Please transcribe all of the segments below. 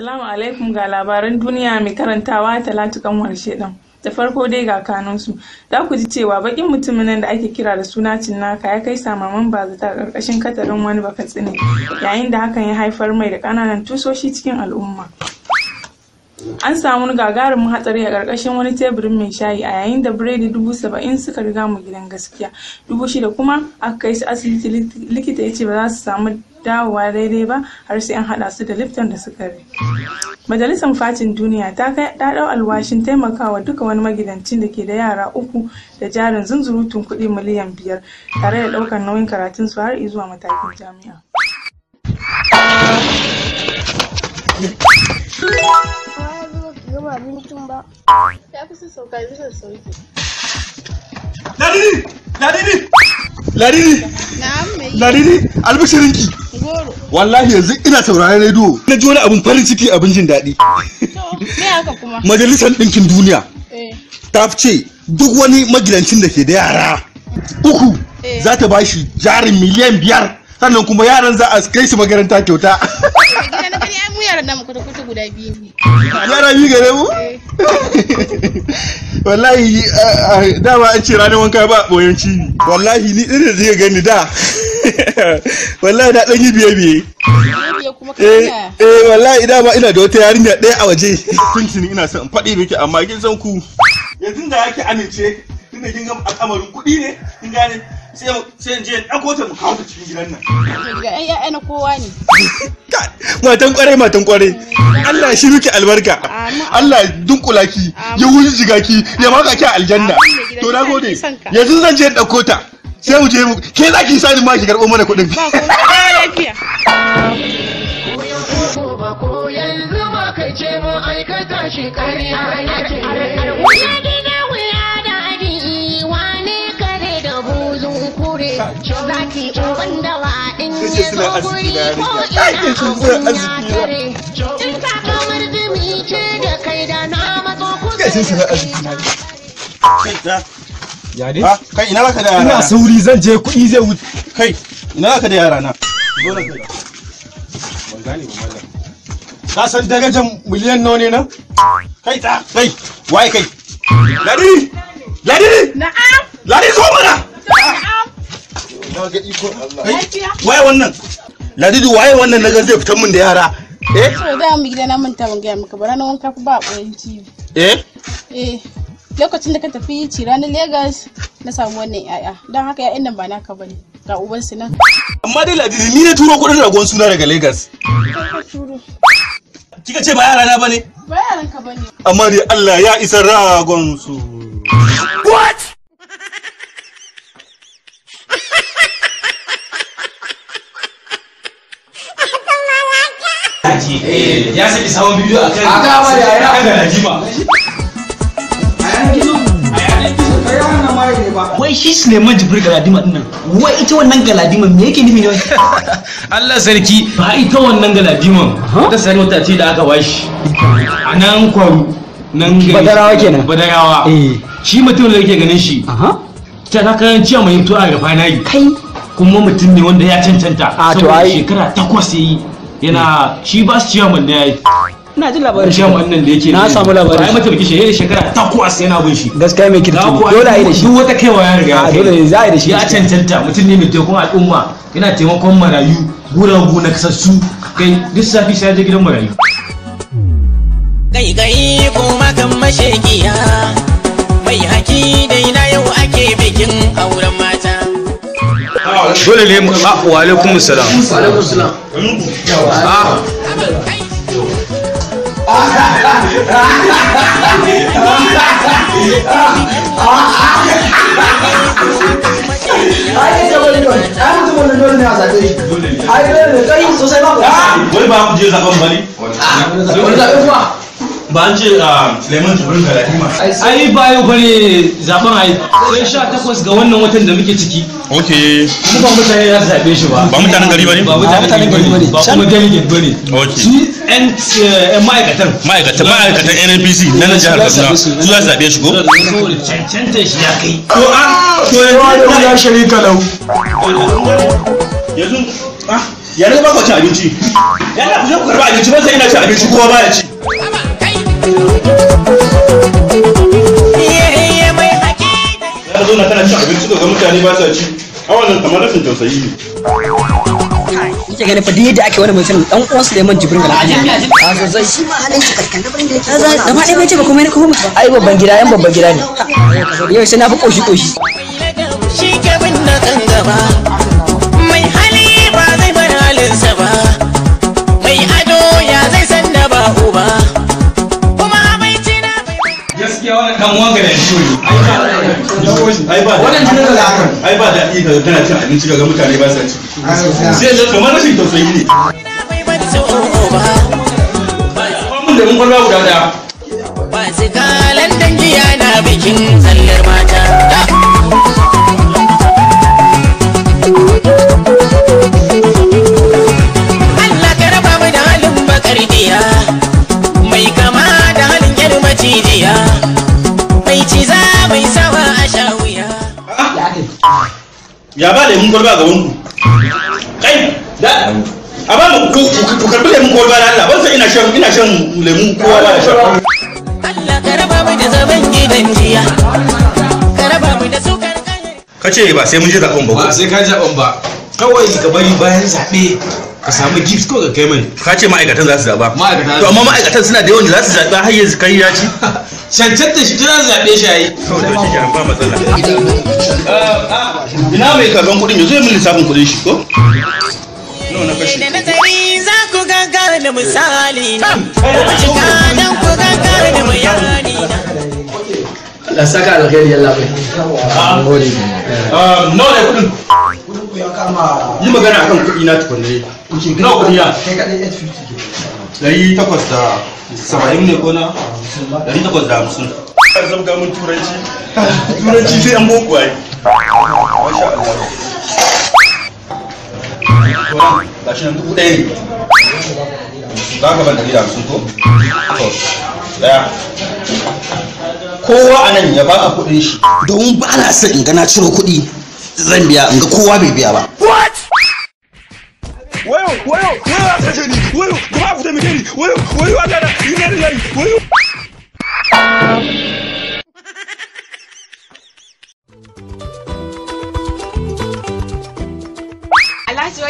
Assalamu alaikum ga labaran duniya mai karantawa talatu harshe ɗin Da farko dai ga kanunsu, za ku ji cewa bakin mutumin nan da ake kira da suna cinnaka ya kai samaman bazata a ƙarƙashin katarin wani tsine, yayin da hakan ya haifar mai da ƙananan tusoshi cikin al'umma. an samu wani gagarumin hatsari a ƙarƙashin wani teburin mai shayi a yayin da biredi dubu saba'in suka riga mu gidan gaskiya dubu shida kuma aka kai su asibiti likita ya ce ba za su samu dawowa daidai ba har sai an haɗa su da lifton da suka rai majalisar fatin duniya ta kai ɗau alwashin taimakawa duka wani magidancin da ke da yara uku da jarin zunzurutun kuɗi miliyan biyar tare da ɗaukar nauyin karatun su har zuwa matakin jami'a gama abincin ba. Wallahi yanzu ina sauraron rediyo. Na ji wani abin farin ciki abin jin daɗi. Majalisar ɗinkin duniya. Ta ce duk wani magidancin da ke da yara uku za ta ba shi jarin miliyan biyar sannan kuma yaran za a kai su makaranta kyauta. dama kwata-kwata guda biyu ne yara biyu gare mu eh. wallahi eh, eh, dama an ce ranar wanka ba boyon cibi wallahi ni ɗin da zai gani da wallahi na ɗan yi biye-biye eh wallahi dama ina da wata yarinya ɗaya a waje kuncin ina son faɗi miki amma kin san ku yanzu da yake amince tunda kin ga al'amarin kuɗi ne kin gane sai in je in ta mu kawo ta cikin gidan nan. Daga na kowa ne. Matan kwarai matan kwarai. Allah shi albarka. Allah dunkula ki ya wuce jiga ki ya maka ki aljanna. To na gode. Yanzu zan je in ɗauko ta. Sai mu je mu ke za ki sani ma ki karɓo mana kuɗin. Ba ko Ko yanzu ma kai ce mu aikata shi suna arziki na kai suna kai suna ya dai kai ina baka da yara ina sauri zan je kuɗi zai wuce kai ina baka da yara na zo na kai ka san darajar miliyan nawa ne na kai ta kai waye kai ladidi ladidi na'am ladidi zo mana waye wannan ladidu waye wannan naga zai fitar min da yara eh so da mu gidana mun ta ban ga maka bara na wanka ba koyan cibi eh eh lokacin da ka tafi ci ranar Legas na samu wannan yaya don haka yayan nan ba naka bane ga uban su nan amma dai ladidu ni ne turo kudin ragon suna daga Legas kika ce ba yara na bane ba yaran ka bane amma dai Allah ya isa ragon su what ciki eh, ya saki sabon bidiyo a kan kan ganajima wai shi Suleiman Jibril Galadima din nan wai ita wannan Galadima me yake nufi ne Allah sarki ba ita wannan Galadima ta sani wata ce da aka washi a nan kwaru nan gari badarawa kenan badarawa eh. shi mutum da yake ganin shi ta kakarin ciya mai mutuwa ga fanayi kai kuma mutum ne wanda ya cancanta ah, saboda shekara takwas ya yi yana shi ba su ciyaman ne yayi ina ji labarin shi wannan da yake na samu labarin ai mutum shi, yayin eh, shekara takwas yana bin shi gaskiya mai kirki dole ai da shi duk wata kaiwa ya riga ya dole za a da shi ya cancanta mutum ne mai taimakon al'umma yana taimakon marayu gu na kasassu kai duk safi sai je gidan marayu kai kai kuma dole ne mu a wa alaikum salam ai dole ne kai sosai ba ku ba je zaben bali zaben kuma ba an ce ah, Suleiman Jibril Jibrin Rahima. ai ba yau bane zaben ai sai sha takwas ga wannan watan da muke ciki okay kuma mutane ya zaɓe shi ba ba mutanen gari ba ne? ba mutanen gari ba ne. ba kuma delegate bane okay Shi eh, yan ma'aikatan ma'aikatan ma'aikatan NNPC na nan jihar Kaduna su za su zabe shi ko cancanta shi ya kai to a ah, to yanzu ya sharika lau yanzu ah yanzu ba ku ci abinci yana ku je ku karba abinci ba sai ina ci abinci kuma ba ya ci ya zo na tana cin abinci da mutane ba sa ci a wannan yadda ake wani mutum dan uwan Suleiman Jibrin Gala Ajami sosai shi ma halin shi kaskan da banda yake gaba ɗaya bai ba komai ne kuma ai babban gida yan babban gida ne yau sai na fi koshi koshi shi ke bin na kan gaba kamuwa ga yanzu wannan jini da hakan ai ba daɗi ka tana cin abinci ga mutane ba sa ci sai da kamar rashin tausayi ne mun da mun kwalba guda daya ba su kalan dangi yana bikin tsallar mata ya ba da yi mungol ba ga wanku kai da a ba mu ku karbi da yi mungol ba da Allah ban san ina shan ina shan lemu ko ba da shan Allah karaba raba mu da zaben gidan jiya karaba raba mu da su karkare kace ba sai mun ji zaben ba ba sai ka ji zaben ba kawai ka bari bayan zabe ka samu gifts ko ga kai mai ka ce ma'aikatan za su zaba to amma ma'aikatan suna da yawan da za su zaba har yanzu kai ya ci cancanta shi tana zaɓe shi yayi ba eh, ina mai karban kuɗin yanzu ya min lissafin kuɗin shi ko Allah saka za Allah gagara Ah, no um, na kudin. Kudin ku ya kama. yi magana akan kudi na tukunne kuke gina kuɗi ya kai takwas da saba'in ne kona takwas da hamsin kan zama ga da hamsin kowa a nan ya ba kuɗin shi Don ba na son in gana ciro kuɗi zan biya in kowa bai biya ba wayo wayo wayo kuma wayo wayo wayo wai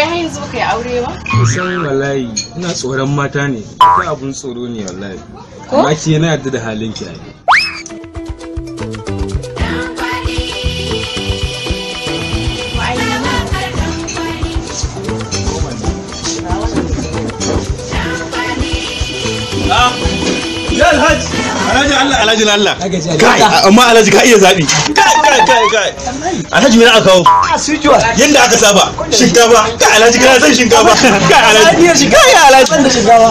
har yanzu baka yi aure ba? Kusan wallahi ina tsoron mata ne. Ko abun tsoro ne wallahi. Ko? Amma ki yana da halin ki ai. ya alhaji alhaji Allah alhaji Allah kai amma alhaji ka iya zabi kai kai kai kai alhaji me aka kawo yanda aka saba shinkafa kai alhaji kana san shinkafa kai alhaji ya shinkafa kai alhaji san da shinkafa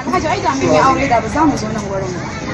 Alhaji ai da mai aure da ba za mu zo nan gurin ba.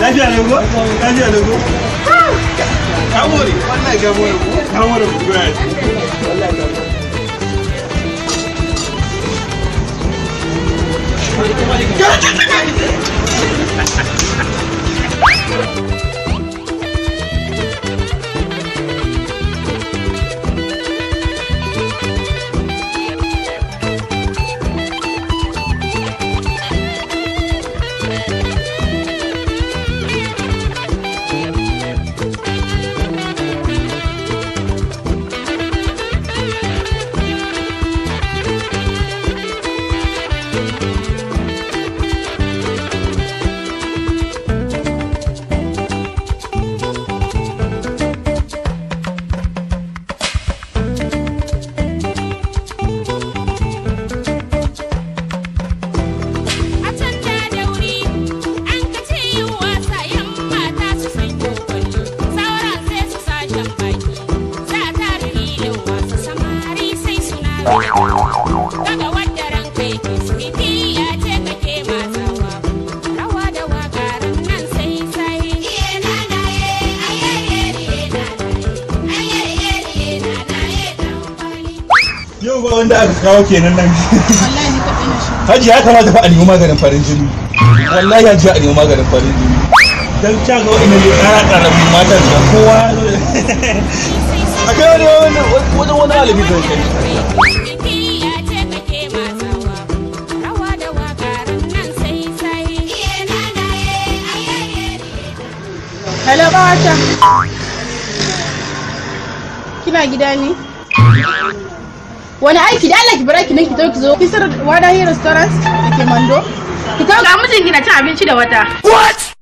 lafiya ne ko lafiya ne ko ka more wallahi ka more ka more good wallahi ka more Get it, get it, get it! ba wanda aka kawo kenan nan haji ya kamata fa a nemi maganin farin jini wallahi ya ji a nemi maganin farin jini don kya ga wa'ina ne kara karamin matan da kowa a kai wani wajen wani alibi zai kai Hello, Bata. Kina gida ne? Wani aiki da Allah ki bara ki nan ki tau ki zo. Kisar Wada Hill Restaurant da ke Mando. Ki tau ga mutum kina cin abinci da wata. What?